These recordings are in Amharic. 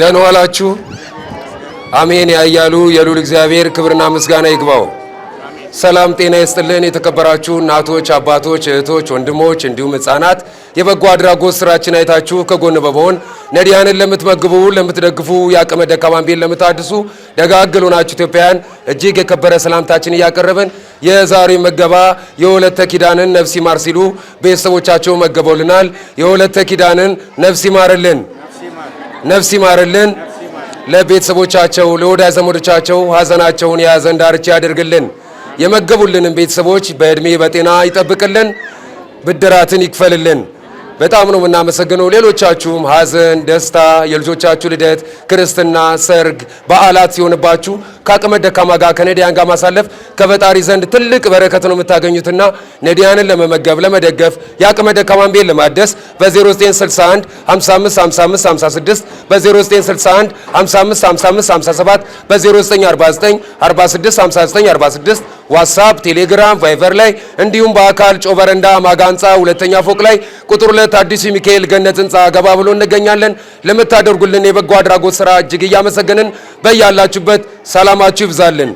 ደህና ዋላችሁ። አሜን ያያሉ የሉል እግዚአብሔር ክብርና ምስጋና ይግባው። ሰላም ጤና ይስጥልን። የተከበራችሁ እናቶች፣ አባቶች፣ እህቶች፣ ወንድሞች እንዲሁም ሕፃናት የበጎ አድራጎት ስራችን አይታችሁ ከጎን በመሆን ነዲያንን ለምትመግቡ፣ ለምትደግፉ፣ የአቅመ ደካማን ቤት ለምታድሱ ደጋግሉ ናችሁ ኢትዮጵያውያን እጅግ የከበረ ሰላምታችን እያቀረብን የዛሬ መገባ የወለተ ኪዳንን ነፍስ ይማር ሲሉ ቤተሰቦቻቸው መገበውልናል። የወለተ ኪዳንን ነፍስ ይማርልን። ነፍስ ይማርልን። ለቤተሰቦቻቸው ለወዳጅ ዘመዶቻቸው ሀዘናቸውን የያዘን ዳርቻ ያደርግልን። የመገቡልንም ቤተሰቦች በእድሜ በጤና ይጠብቅልን፣ ብድራትን ይክፈልልን። በጣም ነው የምናመሰግነው። ሌሎቻችሁም ሀዘን፣ ደስታ፣ የልጆቻችሁ ልደት፣ ክርስትና፣ ሰርግ፣ በዓላት ሲሆንባችሁ ከአቅመ ደካማ ጋር ከነዲያን ጋር ማሳለፍ ከፈጣሪ ዘንድ ትልቅ በረከት ነው የምታገኙትና ነዲያንን ለመመገብ ለመደገፍ የአቅመ ደካማን ቤት ለማደስ በ0961 555556 በ0961 555557 በ0949 ዋትሳፕ፣ ቴሌግራም፣ ቫይቨር ላይ እንዲሁም በአካል ጮበረንዳ ማጋንፃ ሁለተኛ ፎቅ ላይ ቁጥር ሁለት አዲሱ ሚካኤል ገነት ህንፃ ገባ ብሎ እንገኛለን። ለምታደርጉልን የበጎ አድራጎት ስራ እጅግ እያመሰገንን በያላችሁበት ሰላማችሁ ይብዛልን።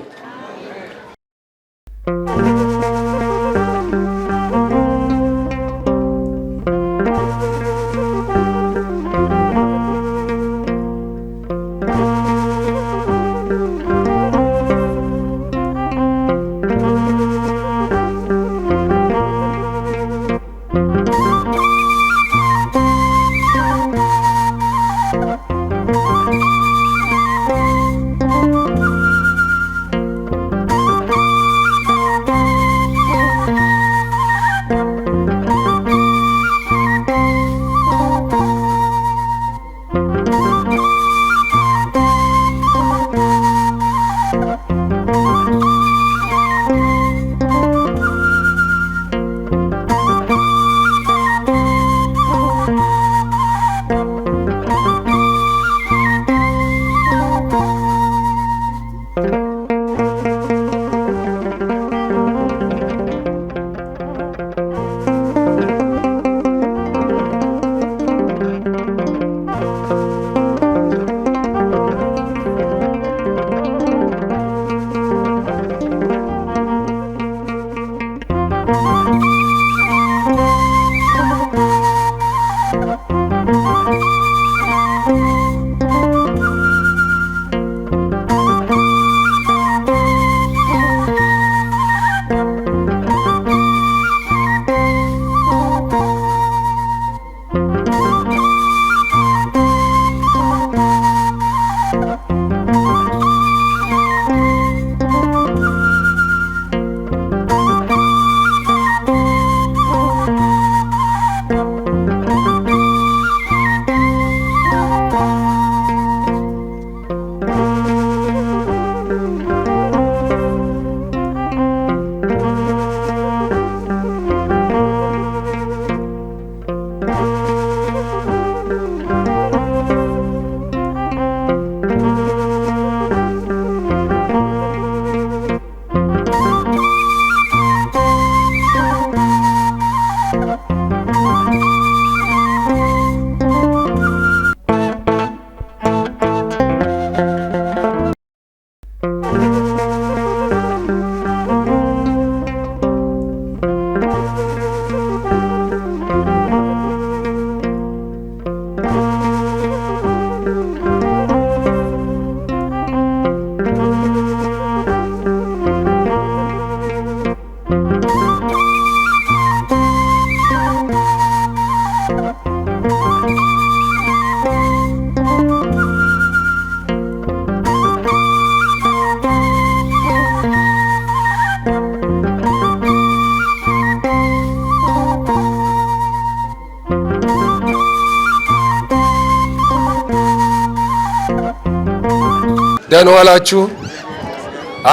ደህና ዋላችሁ።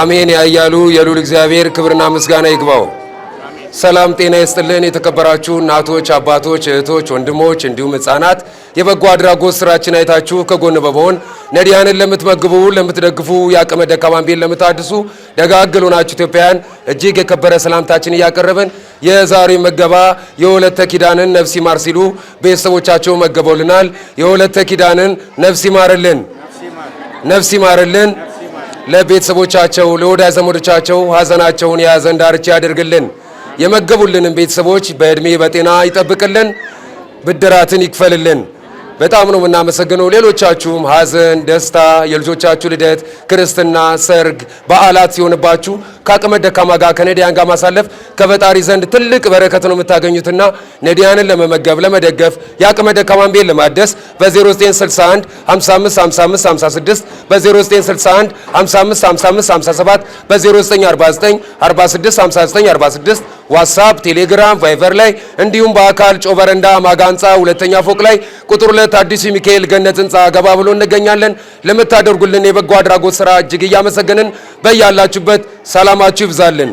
አሜን ያያሉ የሉል እግዚአብሔር ክብርና ምስጋና ይግባው። ሰላም ጤና ይስጥልን። የተከበራችሁ እናቶች፣ አባቶች፣ እህቶች፣ ወንድሞች እንዲሁም ህጻናት የበጎ አድራጎት ስራችን አይታችሁ ከጎን በመሆን ነዲያንን ለምትመግቡ፣ ለምትደግፉ የአቅመ ደካማን ቤት ለምታድሱ ደጋግል ሆናችሁ ኢትዮጵያውያን እጅግ የከበረ ሰላምታችን እያቀረብን የዛሬ መገባ የወለተ ኪዳንን ነፍስ ይማር ሲሉ ቤተሰቦቻቸው መገበውልናል። የወለተ ኪዳንን ነፍስ ይማርልን። ነፍስ ይማርልን። ለቤተሰቦቻቸው ለወዳጅ ዘመዶቻቸው ሀዘናቸውን የያዘን ዳርቻ ያደርግልን። የመገቡልንም ቤተሰቦች በእድሜ በጤና ይጠብቅልን፣ ብድራትን ይክፈልልን። በጣም ነው የምናመሰግነው። ሌሎቻችሁም ሀዘን፣ ደስታ፣ የልጆቻችሁ ልደት፣ ክርስትና፣ ሰርግ፣ በዓላት ሲሆንባችሁ ከአቅመ ደካማ ጋር ከነዲያን ጋር ማሳለፍ ከፈጣሪ ዘንድ ትልቅ በረከት ነው የምታገኙትና ነዲያንን ለመመገብ ለመደገፍ የአቅመ ደካማን ቤት ለማደስ በ0961 5555 በ0961 5555 በ0949 46 ዋትሳፕ፣ ቴሌግራም፣ ቫይቨር ላይ እንዲሁም በአካል ጮበረንዳ ማጋ ህንፃ ሁለተኛ ፎቅ ላይ ቁጥር ሁለት አዲሱ ሚካኤል ገነት ህንፃ ገባ ብሎ እንገኛለን። ለምታደርጉልን የበጎ አድራጎት ስራ እጅግ እያመሰገንን በያላችሁበት ሰላም ሰላማችሁ ይብዛልን።